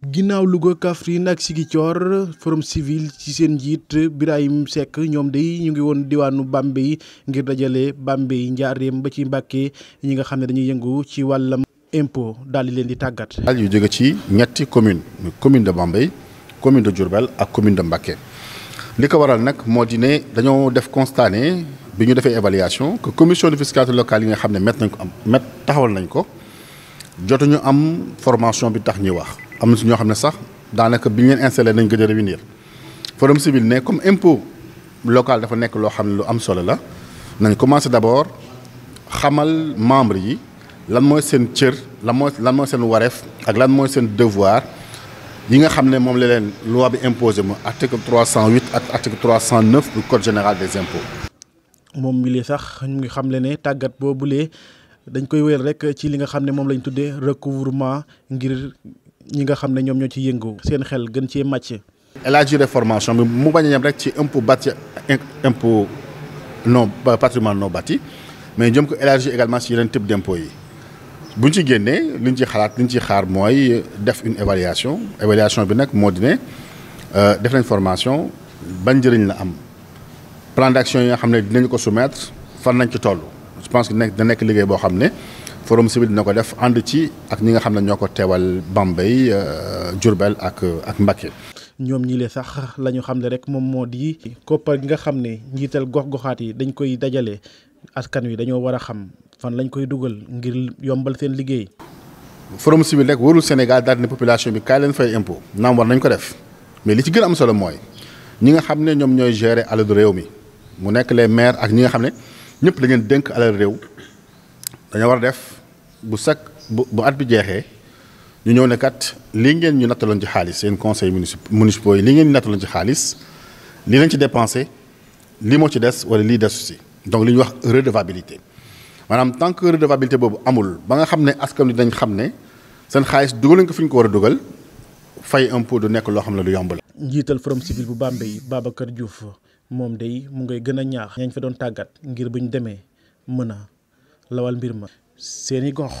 ginnaaw Louga Kaffrine ak Ziguinchor forum civil ci seen njiit Birahim Seck ñoom day ñu ngi woon diwaanu Bambey ngir dajale Bambey njaareem ba ci Mbàkke ñi nga xam ne dañuy yëngu ci wàllam impôt daal di leen di tàggat. daal yu jóge ci ñetti commune commune de Bambey commune de Diourbel ak commune de Mbàkke li ko waral nag moo di ne dañoo def constane ne bi ñu defee évaluation que commission de fiscalité locale yi nga xam ne met nañ ko am met taxawal nañ ko jotuñu am formation bi tax ñuy wax. am na si ñoo xam ne sax daanaka bi ñu leen installé nañ gën a revenir forum civil ne comme impo local dafa nekk loo xam ne lu am solo la nañ commencé d'abord xamal membre yi lan mooy seen cër lan mooy lan mooy seen wareef ak lan mooy seen devoir yi nga xam ne moom la leen loi bi imposé mu article 308 ak article 309 du code général des impôts. moom mi sax ñu ngi xam le ne tàggat boobulee dañ koy wéyal rek ci li nga xam ne moom lañ tuddee recouvrement ngir ñi nga xam ne ñoom ñoo ci yëngu seen xel gën cee màcc. élargir formation bi mu bañ a yem rek ci impôt bâti impôt non patrimoine non bâti mais jëm ko élargir également ci yeneen type d' yi bu ci génnee liñ ñu ci xalaat liñ ñu ci xaar mooy def une évaluation évaluation bi nag moo di ne euh, def nañ formation ban njëriñ la am plan d' yi nga xam ne dinañ ko soumettre fan nañ ci toll je pense que da nekk liggéey boo xam ne. forum civil dina ko def ànd ci ak ñi nga xam ne ñoo ko teewal Bambey euh, Diourbel ak ak Mbacké ñoom ñii le sax la ñu xam ne rek moom moo di koppar gi nga xam ne njiital gox-goxaat yi dañ koy dajale askan wi dañoo war a xam fan lañ koy dugal ngir yombal seen liggéey. forum civil rek warul Sénégal daal ne population bi kaay leen fay impôt naam war nañ ko def mais li ci gën am solo mooy ñi nga xam ne ñoom ñooy gere alalu réew mi mu nekk les maires ak ñi nga xam ne ñëpp da ngeen dénk alal réew dañoo war a def bu sag bu bu at bi jeexee ñu ñëw ne kat lii ngeen ñu nattaloon ci xaalis seen conseil municipaux yi ngeen ñu nattaloon ci xaalis lii lañ ci dépensé lii moo ci des wala lii des si donc li ñu wax redevabilité maanaam tant que redevabilité boobu amul ba nga xam ne askan wi dañ xam ne seen xaalis dugal ko fi ñu ko war a dugal fay impôt du nekk loo xam ne lu yomb la. njiital forum civil bu Bambey Babacar Diouf moom day mu ngay gën a ñaax. ñañ fa doon tàggat ngir bu ñu demee mën a. lawal mbir ma seeni gox